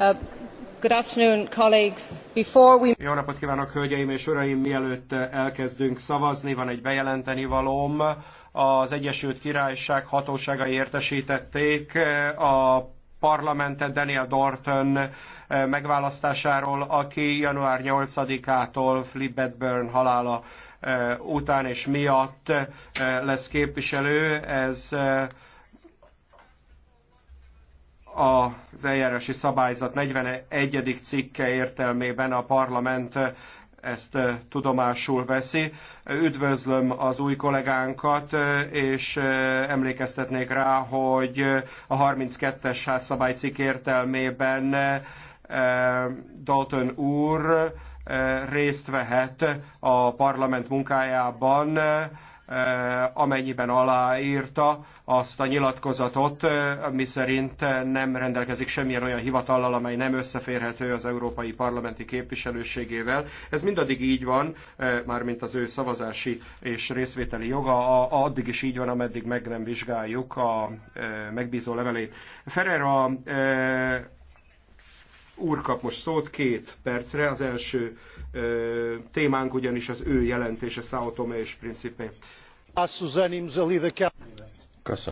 Uh, Jó napot kívánok, hölgyeim és uraim! Mielőtt uh, elkezdünk szavazni, van egy bejelenteni valóm. Az Egyesült Királyság hatóságai értesítették uh, a parlamentet Daniel Dorton megválasztásáról, aki január 8-ától Flip Bedburn halála után és miatt lesz képviselő. Ez az eljárási szabályzat 41. cikke értelmében a parlament ezt tudomásul veszi. Üdvözlöm az új kollégánkat, és emlékeztetnék rá, hogy a 32-es házszabálycik értelmében Dalton úr részt vehet a parlament munkájában, Eh, amennyiben aláírta azt a nyilatkozatot, eh, miszerint nem rendelkezik semmilyen olyan hivatallal, amely nem összeférhető az európai parlamenti képviselőségével. Ez mindaddig így van, eh, mármint az ő szavazási és részvételi joga, addig is így van, ameddig meg nem vizsgáljuk a megbízó levelét. Ferrer a úr kap most szót két percre. Az első ö, témánk ugyanis az ő jelentése Sao Tome és Principe.